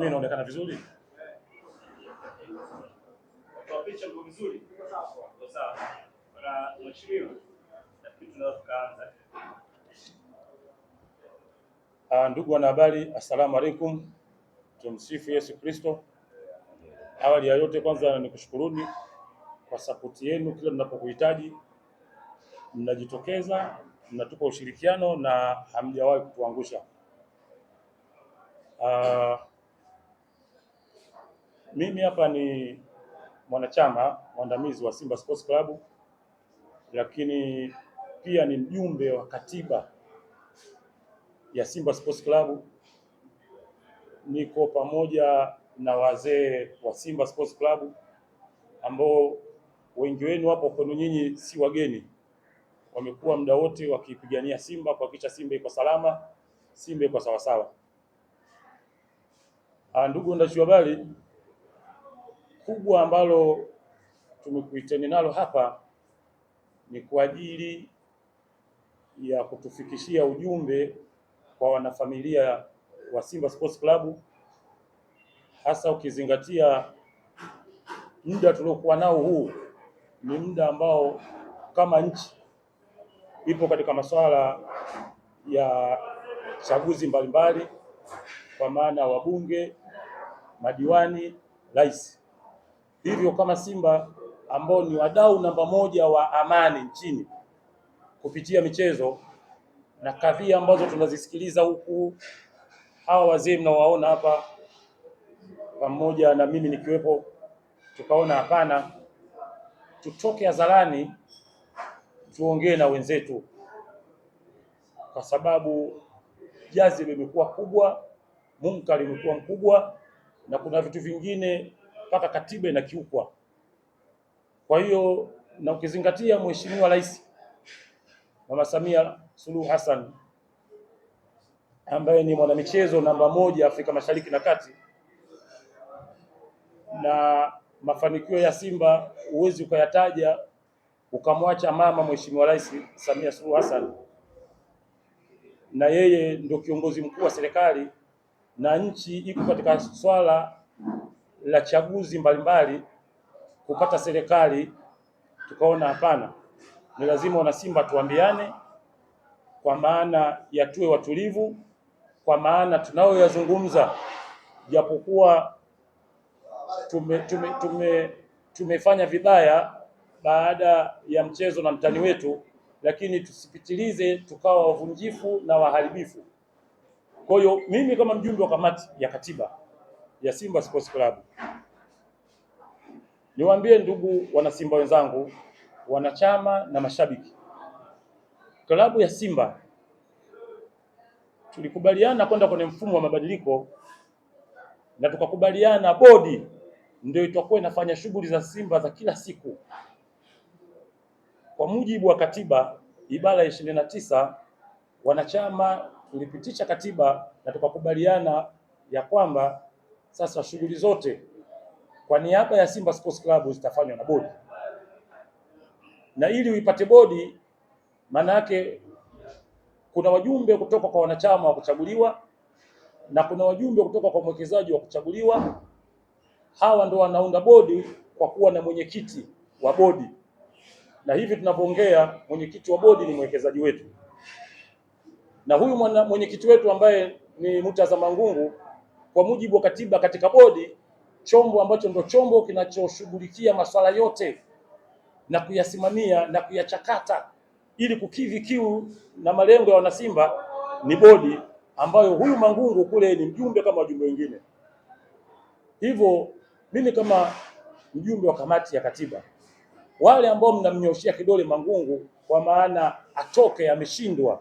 mimi inaonekana vizuri. Kwa ah, Ndugu wanahabari, assalamu alaikum. Tumsifu Yesu Kristo. Awali ya yote, kwanza nikushukuruni kwa sapoti yenu. Kila mnapokuhitaji mnajitokeza, mnatupa ushirikiano na hamjawahi kutuangusha. Uh, mimi hapa ni mwanachama mwandamizi wa Simba Sports Club, lakini pia ni mjumbe wa katiba ya Simba Sports Club. Niko pamoja na wazee wa Simba Sports Club ambao wengi wenu hapo kwenu, nyinyi si wageni, wamekuwa muda wote wakipigania Simba kuhakikisha Simba iko salama, Simba iko sawasawa. Ah, ndugu waandishi habari kubwa ambalo tumekuiteni nalo hapa ni kwa ajili ya kutufikishia ujumbe kwa wanafamilia wa Simba Sports Club, hasa ukizingatia muda tuliokuwa nao huu ni muda ambao kama nchi ipo katika masuala ya chaguzi mbalimbali, kwa maana wabunge, madiwani, rais. Hivyo kama Simba ambao ni wadau namba moja wa amani nchini kupitia michezo na kadhia ambazo tunazisikiliza huku, hawa wazee mnawaona hapa pamoja na mimi nikiwepo, tukaona hapana, tutoke hadharani tuongee na wenzetu, kwa sababu jazi limekuwa kubwa, munkari limekuwa mkubwa, na kuna vitu vingine mpaka katiba inakiukwa. Kwa hiyo na ukizingatia Mheshimiwa Rais Mama Samia Suluhu Hassan ambaye ni mwanamichezo namba moja Afrika Mashariki na Kati, na mafanikio ya Simba huwezi ukayataja ukamwacha mama Mheshimiwa Rais Samia Suluhu Hassan, na yeye ndio kiongozi mkuu wa serikali na nchi iko katika swala la chaguzi mbalimbali kupata serikali, tukaona hapana, ni lazima wanasimba tuambiane, kwa maana ya tuwe watulivu, kwa maana tunayoyazungumza japokuwa tume, tume, tume, tumefanya vibaya baada ya mchezo na mtani wetu, lakini tusipitilize tukawa wavunjifu na waharibifu. Kwa hiyo mimi kama mjumbe wa kamati ya katiba ya Simba Sports Club. Niwaambie ndugu wanasimba wenzangu, wanachama na mashabiki, klabu ya Simba tulikubaliana kwenda kwenye mfumo wa mabadiliko na tukakubaliana bodi ndio itakuwa inafanya shughuli za Simba za kila siku kwa mujibu wa katiba ibara ya ishirini na tisa. Wanachama tulipitisha katiba na tukakubaliana ya kwamba sasa shughuli zote kwa niaba ya Simba Sports Club zitafanywa na bodi, na ili uipate bodi, maana yake kuna wajumbe kutoka kwa wanachama wa kuchaguliwa na kuna wajumbe kutoka kwa mwekezaji wa kuchaguliwa. Hawa ndo wanaunda bodi kwa kuwa na mwenyekiti wa bodi, na hivi tunavyoongea, mwenyekiti wa bodi ni mwekezaji wetu, na huyu mwenyekiti wetu ambaye ni Murtaza Mangungu kwa mujibu wa katiba katika bodi, chombo ambacho ndo chombo kinachoshughulikia masuala yote na kuyasimamia na kuyachakata ili kukidhi kiu na malengo ya wanasimba ni bodi ambayo huyu Mangungu kule ni mjumbe kama wajumbe wengine. Hivyo mimi kama mjumbe wa kamati ya katiba, wale ambao mnamnyoshia kidole Mangungu kwa maana atoke, ameshindwa,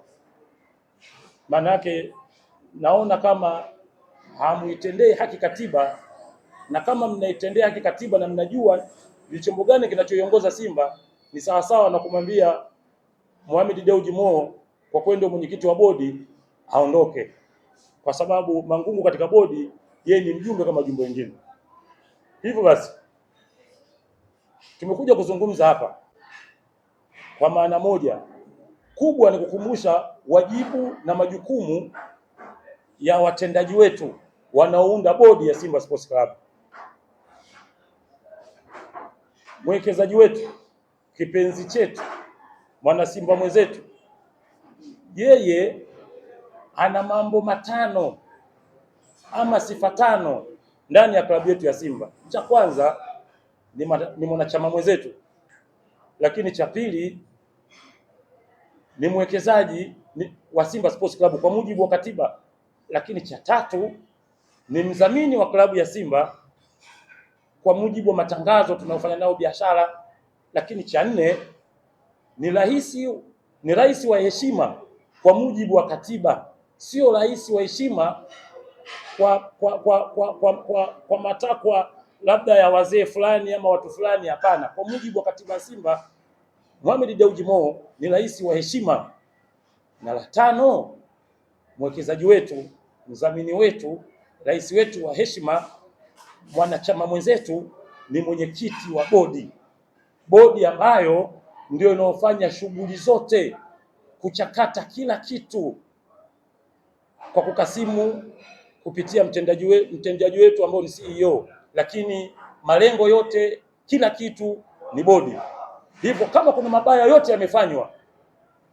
maana yake naona kama hamuitendei haki katiba, na kama mnaitendea haki katiba na mnajua ni chombo gani kinachoiongoza Simba, ni sawasawa na kumwambia Mohamed Dewji Mo, kwa kwenda ndio mwenyekiti wa bodi aondoke, kwa sababu Mangungu katika bodi yeye ni mjumbe kama jumbe wengine. Hivyo basi tumekuja kuzungumza hapa kwa maana moja kubwa ni kukumbusha wajibu na majukumu ya watendaji wetu wanaounda bodi ya Simba Sports Club. Mwekezaji wetu, kipenzi chetu, mwana Simba mwenzetu, yeye ana mambo matano ama sifa tano ndani ya klabu yetu ya Simba. Cha kwanza ni, ni mwanachama mwenzetu, lakini cha pili ni mwekezaji wa Simba Sports Club kwa mujibu wa katiba, lakini cha tatu ni mdhamini wa klabu ya Simba kwa mujibu wa matangazo tunaofanya nayo biashara. Lakini cha nne ni rahisi, ni rais wa heshima kwa mujibu wa katiba, sio rais wa heshima kwa kwa kwa kwa, kwa, kwa, kwa matakwa labda ya wazee fulani ama watu fulani. Hapana, kwa mujibu wa katiba ya Simba Mohamed Dewji Mo ni rais wa heshima. Na la tano, mwekezaji wetu, mdhamini wetu rais wetu wa heshima, mwanachama mwenzetu ni mwenyekiti wa bodi, bodi ambayo ndio inaofanya shughuli zote, kuchakata kila kitu kwa kukasimu kupitia mtendaji wetu, mtendaji wetu ambao ni CEO, lakini malengo yote, kila kitu ni bodi. Hivyo kama kuna mabaya yote yamefanywa,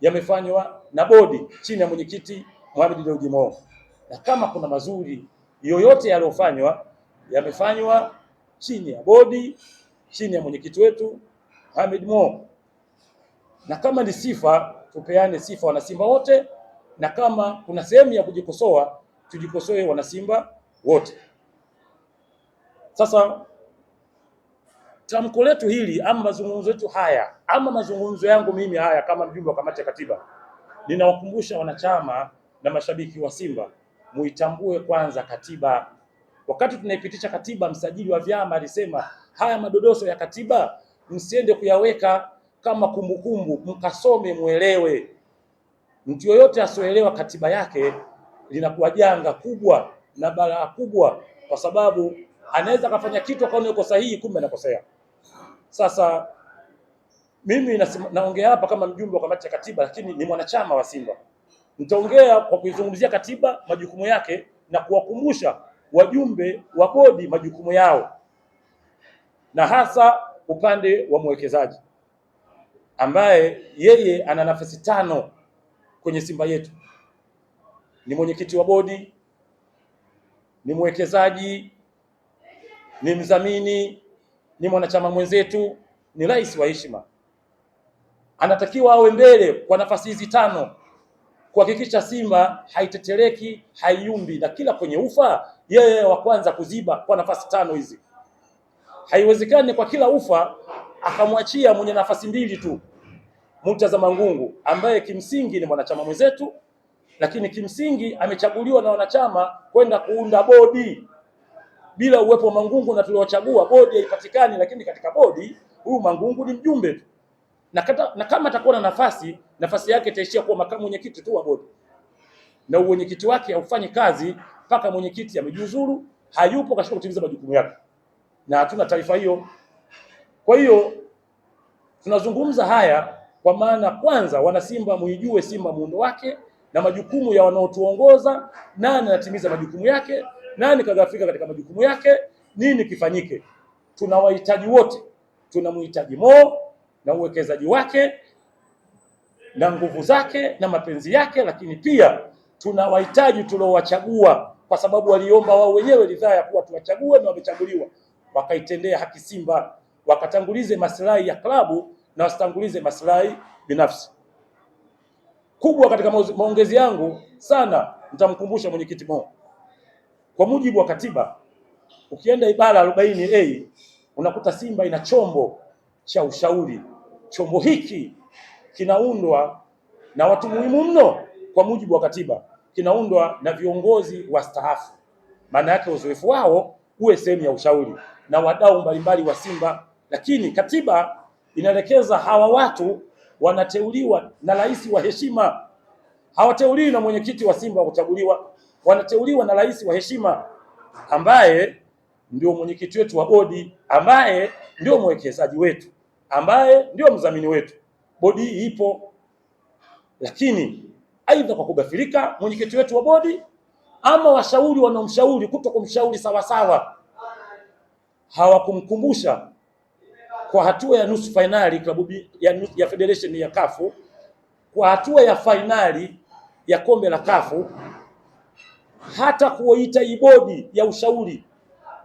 yamefanywa na bodi chini ya mwenyekiti Mohamed Dewji Mo, na kama kuna mazuri yoyote yaliyofanywa yamefanywa chini ya bodi, chini ya mwenyekiti wetu Hamid Mo, na kama ni sifa tupeane sifa wanasimba wote, na kama kuna sehemu ya kujikosoa tujikosoe wanasimba wote. Sasa tamko letu hili ama mazungumzo yetu haya ama mazungumzo yangu mimi haya, kama mjumbe wa kamati ya katiba, ninawakumbusha wanachama na mashabiki wa Simba muitambue kwanza katiba. Wakati tunaipitisha katiba, msajili wa vyama alisema haya madodoso ya katiba msiende kuyaweka kama kumbukumbu, mkasome mwelewe. Mtu yoyote asioelewa katiba yake linakuwa janga kubwa na balaa kubwa, kwa sababu anaweza akafanya kitu akaona yuko sahihi, kumbe anakosea. Sasa mimi naongea hapa kama mjumbe wa kamati ya katiba, lakini ni mwanachama wa Simba. Nitaongea kwa kuizungumzia katiba, majukumu yake na kuwakumbusha wajumbe wa bodi majukumu yao, na hasa upande wa mwekezaji ambaye yeye ana nafasi tano kwenye Simba yetu: ni mwenyekiti wa bodi, ni mwekezaji, ni mdhamini, ni mwanachama mwenzetu, ni rais wa heshima. Anatakiwa awe mbele kwa nafasi hizi tano kuhakikisha Simba haitetereki, haiyumbi na kila kwenye ufa yeye wa kwanza kuziba kwa nafasi tano hizi. Haiwezekani kwa kila ufa akamwachia mwenye nafasi mbili tu Murtaza Mangungu ambaye kimsingi ni mwanachama mwenzetu, lakini kimsingi amechaguliwa na wanachama kwenda kuunda bodi. Bila uwepo wa Mangungu na tuliochagua bodi haipatikani, lakini katika bodi huyu Mangungu ni mjumbe tu na, kata, na kama atakuwa na nafasi, nafasi yake itaishia kuwa makamu mwenyekiti tu wa bodi, na uwenyekiti wake haufanyi kazi mpaka mwenyekiti amejiuzuru, hayupo katika kutimiza majukumu yake, na hatuna taarifa hiyo. Kwa hiyo tunazungumza haya kwa maana kwanza, wanasimba muijue Simba muundo wake na majukumu ya wanaotuongoza, nani anatimiza majukumu yake, nani kagafika katika majukumu yake, nini kifanyike. Tunawahitaji wote, tunamhitaji Mo na uwekezaji wake na nguvu zake na mapenzi yake, lakini pia tuna wahitaji tuliowachagua, kwa sababu waliomba wao wenyewe ridhaa ya kuwa tuwachague na wamechaguliwa, wakaitendea haki Simba, wakatangulize maslahi ya klabu na wasitangulize maslahi binafsi. Kubwa katika maongezi yangu sana, nitamkumbusha mwenyekiti Mo, kwa mujibu wa katiba ukienda ibara 40A unakuta Simba ina chombo cha ushauri chombo hiki kinaundwa na watu muhimu mno kwa mujibu wa katiba, kinaundwa na viongozi wastaafu. Maana yake uzoefu wao uwe sehemu ya ushauri na wadau mbalimbali wa Simba, lakini katiba inaelekeza hawa watu wanateuliwa na rais wa heshima, hawateuliwi na mwenyekiti wa Simba wa kuchaguliwa, wanateuliwa na rais wa heshima ambaye ndio mwenyekiti wetu wa bodi, ambaye ndio mwekezaji wetu ambaye ndio mdhamini wetu, bodi hii ipo, lakini aidha kwa kughafilika mwenyekiti wetu wa bodi ama washauri wanaomshauri kuto kumshauri sawasawa, hawakumkumbusha kwa hatua ya nusu fainali klabu ya, ya federation ya kafu kwa hatua ya fainali ya kombe la kafu hata kuoita ibodi ya ushauri,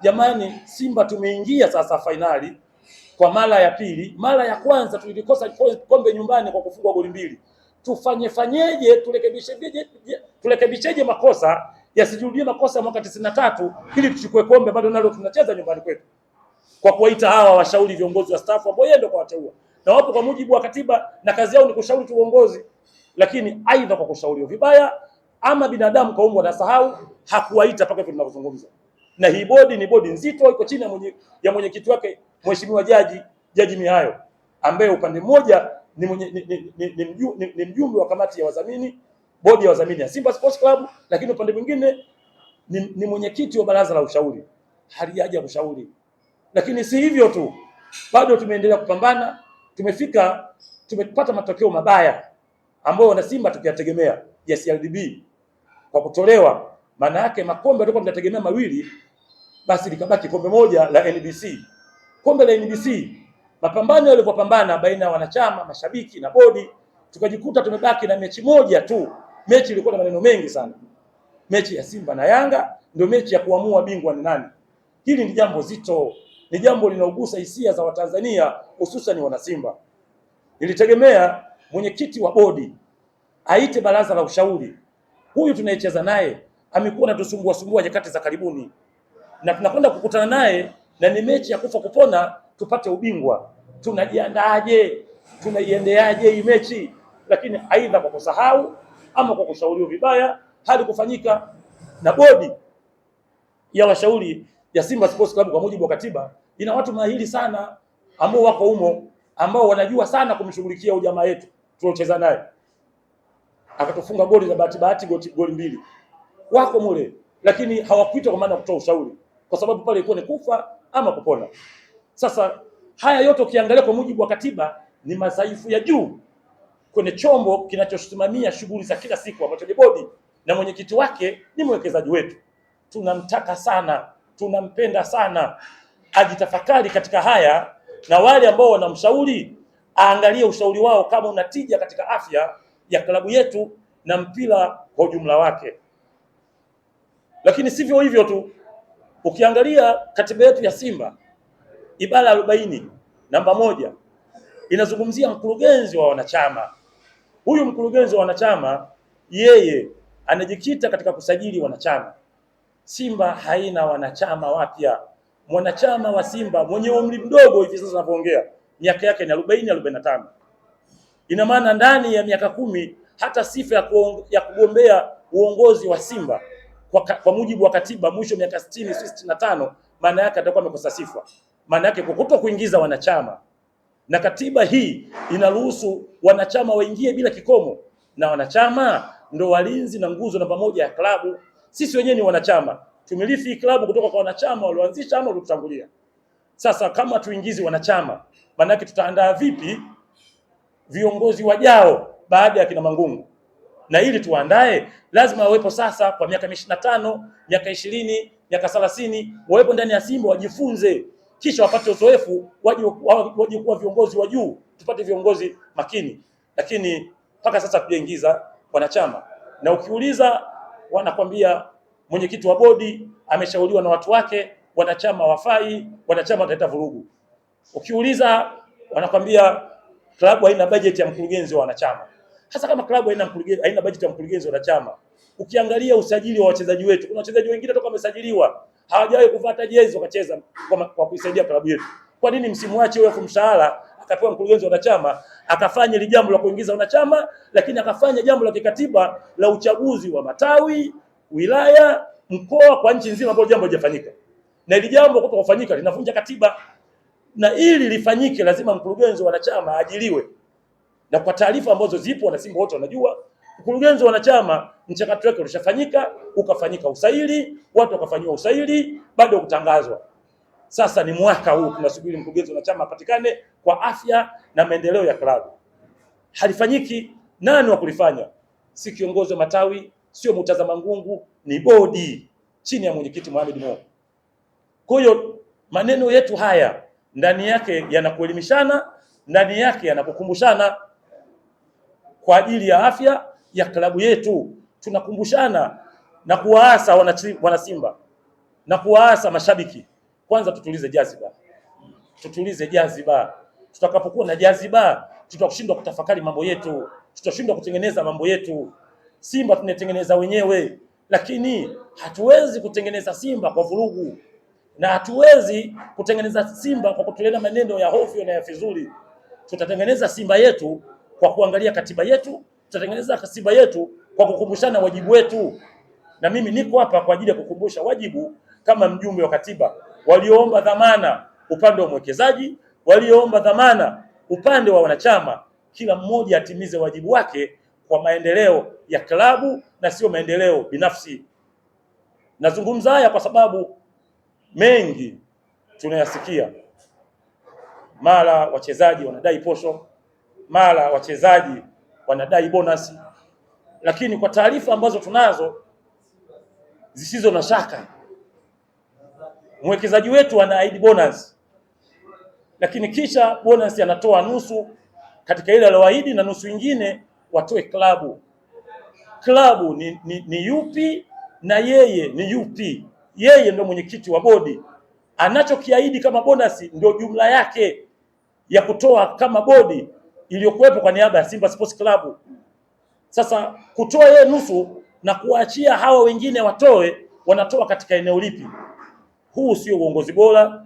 jamani, Simba tumeingia sasa fainali kwa mara ya pili. Mara ya kwanza tulikosa kombe nyumbani kwa kufungwa goli mbili. Tufanye fanyeje? Turekebisheje? Turekebisheje makosa yasijirudie makosa ya mwaka 93 ili tuchukue kombe bado nalo tunacheza nyumbani kwetu, kwa kuwaita hawa washauri viongozi wa staff ambao yeye ndio kawateua na wapo kwa mujibu wa katiba na kazi yao ni kushauri tu uongozi, lakini aidha kwa kushauriwa vibaya ama binadamu kaumbwa na sahau, hakuwaita mpaka tunapozungumza na hii bodi ni bodi nzito, iko chini ya mwenyekiti mwenye wake mheshimiwa jaji Jaji Mihayo ambaye upande mmoja ni, ni, ni, ni, ni, ni, ni mjumbe wa kamati ya wadhamini bodi ya wadhamini ya Simba Sports Club, lakini upande mwingine ni, ni mwenyekiti wa baraza la ushauri. Halijaja kushauri, lakini si hivyo tu, bado tumeendelea kupambana, tumefika, tumepata matokeo mabaya ambayo Simba tukiyategemea ya CRDB kwa kutolewa. Maana yake makombe tulikuwa tunategemea mawili basi likabaki kombe moja la NBC. Kombe la NBC, mapambano yalivyopambana baina ya wanachama, mashabiki na bodi, tukajikuta tumebaki na mechi moja tu. Mechi ilikuwa na maneno mengi sana. Mechi ya Simba na Yanga ndio mechi ya kuamua bingwa ni nani. Hili ni jambo zito, ni jambo linaogusa hisia za Watanzania hususan wana Simba. Nilitegemea mwenyekiti wa bodi aite baraza la ushauri. Huyu tunayecheza naye amekuwa anatusumbua sumbua nyakati za karibuni na tunakwenda kukutana naye na ni mechi ya kufa kupona, tupate ubingwa. Tunajiandaaje? Tunaiendeaje hii mechi? Lakini aidha kwa kusahau ama kwa kushauriwa vibaya, hali kufanyika na bodi ya washauri ya Simba Sports Club kwa mujibu wa katiba ina watu mahiri sana ambao wako humo ambao wanajua sana kumshughulikia ujamaa wetu tuliocheza naye akatufunga goli za bahati bahati, goli mbili wako mule, lakini hawakuita kwa maana kutoa ushauri kwa sababu pale ilikuwa ni kufa ama kupona. Sasa haya yote ukiangalia kwa mujibu wa katiba ni madhaifu ya juu kwenye chombo kinachosimamia shughuli za kila siku ambacho ni bodi, na mwenyekiti wake ni mwekezaji wetu. Tunamtaka sana, tunampenda sana, ajitafakari katika haya, na wale ambao wanamshauri aangalie ushauri wao kama unatija katika afya ya klabu yetu na mpira kwa ujumla wake. Lakini sivyo hivyo tu Ukiangalia katiba yetu ya Simba ibara arobaini namba moja inazungumzia mkurugenzi wa wanachama. Huyu mkurugenzi wa wanachama yeye anajikita katika kusajili wanachama. Simba haina wanachama wapya. Mwanachama wa Simba mwenye umri mdogo hivi sasa tunavyoongea, miaka yake ni arobaini arobaini na tano. Ina maana ndani ya miaka kumi hata sifa ya kugombea uongozi wa Simba kwa, kwa mujibu wa katiba mwisho miaka 60 65, maana yake atakuwa amekosa sifa, maana yake kukuto kuingiza wanachama, na katiba hii inaruhusu wanachama waingie bila kikomo, na wanachama ndo walinzi na nguzo namba moja ya klabu. Sisi wenyewe ni wanachama, tumilifi hii klabu kutoka kwa wanachama walioanzisha ama waliotutangulia. Sasa kama tuingizi wanachama, maana yake tutaandaa vipi viongozi wajao baada ya kina Mangungu? na ili tuandae, lazima wawepo sasa kwa miaka ishirini na tano miaka ishirini miaka thelathini wawepo ndani ya Simba wajifunze, kisha wapate uzoefu, waje kuwa viongozi wa juu, tupate viongozi makini. Lakini mpaka sasa tujaingiza wanachama, na ukiuliza wanakwambia mwenyekiti wa bodi ameshauriwa na watu wake, wanachama wafai, wanachama wataleta vurugu. Ukiuliza wanakwambia klabu haina bajeti ya mkurugenzi wa wanachama. Hasa kama klabu haina mkurugenzi, haina bajeti ya mkurugenzi wa chama. Ukiangalia usajili wa wachezaji wetu, kuna wachezaji wengine toka wamesajiliwa hawajawahi kuvaa jezi wakacheza kwa, kwa kuisaidia klabu yetu. Kwa nini msimwache huyo mshahara akapewa mkurugenzi wa wanachama akafanya ile jambo la kuingiza wanachama, lakini akafanya jambo la kikatiba la uchaguzi wa matawi, wilaya, mkoa kwa nchi nzima, ambapo jambo hajafanyika Na ile jambo kwa kufanyika linavunja katiba, na ili lifanyike lazima mkurugenzi wa wanachama ajiliwe na kwa taarifa ambazo zipo Simba wote wanajua, mkurugenzi wanachama, mchakato wake ulishafanyika, ukafanyika usaili, watu wakafanyiwa usaili, bado kutangazwa. Sasa ni mwaka huu tunasubiri mkurugenzi wanachama apatikane kwa afya na maendeleo ya klabu. Halifanyiki, nani wa kulifanya? Si kiongozi wa matawi, sio mtazama ngungu, ni bodi chini ya mwenyekiti Mohamed Mo. Kwa hiyo maneno yetu haya ndani yake yanakuelimishana, ndani yake yanakukumbushana kwa ajili ya afya ya klabu yetu. Tunakumbushana na kuwaasa wanasimba na kuwaasa mashabiki, kwanza tutulize jaziba, tutulize jaziba. Tutakapokuwa na jaziba, tutashindwa kutafakari mambo yetu, tutashindwa kutengeneza mambo yetu. Simba tunatengeneza wenyewe, lakini hatuwezi kutengeneza Simba kwa vurugu na hatuwezi kutengeneza Simba kwa kutulena maneno ya hofu na ya fizuli. Tutatengeneza Simba yetu kwa kuangalia katiba yetu, tutatengeneza katiba yetu kwa kukumbushana wajibu wetu, na mimi niko hapa kwa ajili ya kukumbusha wajibu kama mjumbe wa katiba, walioomba dhamana upande wa mwekezaji, walioomba dhamana upande wa wanachama, kila mmoja atimize wajibu wake kwa maendeleo ya klabu na sio maendeleo binafsi. Nazungumza haya kwa sababu mengi tunayasikia, mara wachezaji wanadai posho mara wachezaji wanadai bonasi, lakini kwa taarifa ambazo tunazo zisizo na shaka, mwekezaji wetu anaahidi bonus, lakini kisha bonus anatoa nusu katika ile aliyoahidi na nusu nyingine watoe klabu. Klabu ni, ni, ni yupi na yeye ni yupi? Yeye ndio mwenyekiti wa bodi, anachokiahidi kama bonus ndio jumla yake ya kutoa kama bodi iliyokuwepo kwa niaba ya Simba Sports Club. Sasa kutoa yeye nusu na kuachia hawa wengine watoe, wanatoa katika eneo lipi? Huu sio uongozi bora,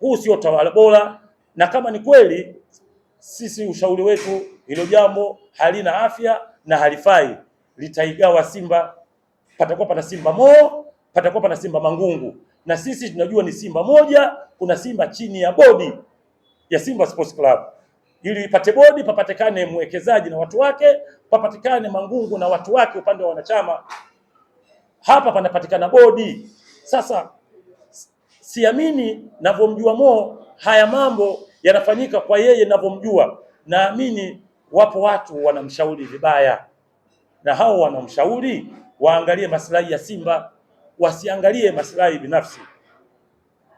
huu sio tawala bora, na kama ni kweli sisi ushauri wetu, hilo jambo halina afya na halifai, litaigawa Simba. Patakuwa pana Simba moo, patakuwa pana Simba Mangungu, na sisi tunajua ni Simba moja. Kuna Simba chini ya bodi ya Simba Sports Club ili ipate bodi, papatikane mwekezaji na watu wake, papatikane Mangungu na watu wake upande wa wanachama, hapa panapatikana bodi. Sasa siamini, navyomjua Mo, haya mambo yanafanyika kwa yeye navyomjua. Naamini wapo watu wanamshauri vibaya, na hao wanamshauri waangalie maslahi ya Simba, wasiangalie maslahi binafsi.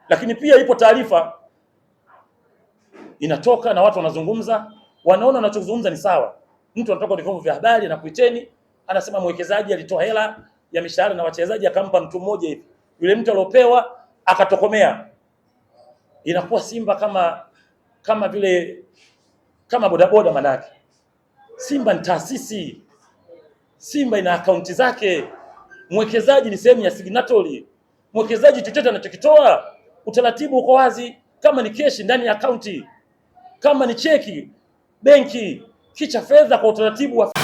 Lakini pia ipo taarifa inatoka na watu wanazungumza, wanaona wanachozungumza ni sawa. Mtu anatoka kwenye vyombo vya habari na kuiteni, anasema mwekezaji alitoa hela ya mishahara na wachezaji akampa mtu mmoja hivi, yule mtu aliopewa akatokomea. Inakuwa Simba kama kama vile kama bodaboda, manake Simba ni taasisi, Simba ina akaunti zake. Mwekezaji ni sehemu ya signatory. Mwekezaji chochote anachokitoa utaratibu uko wazi, kama ni keshi ndani ya akaunti kama ni cheki benki, kicha fedha kwa utaratibu wa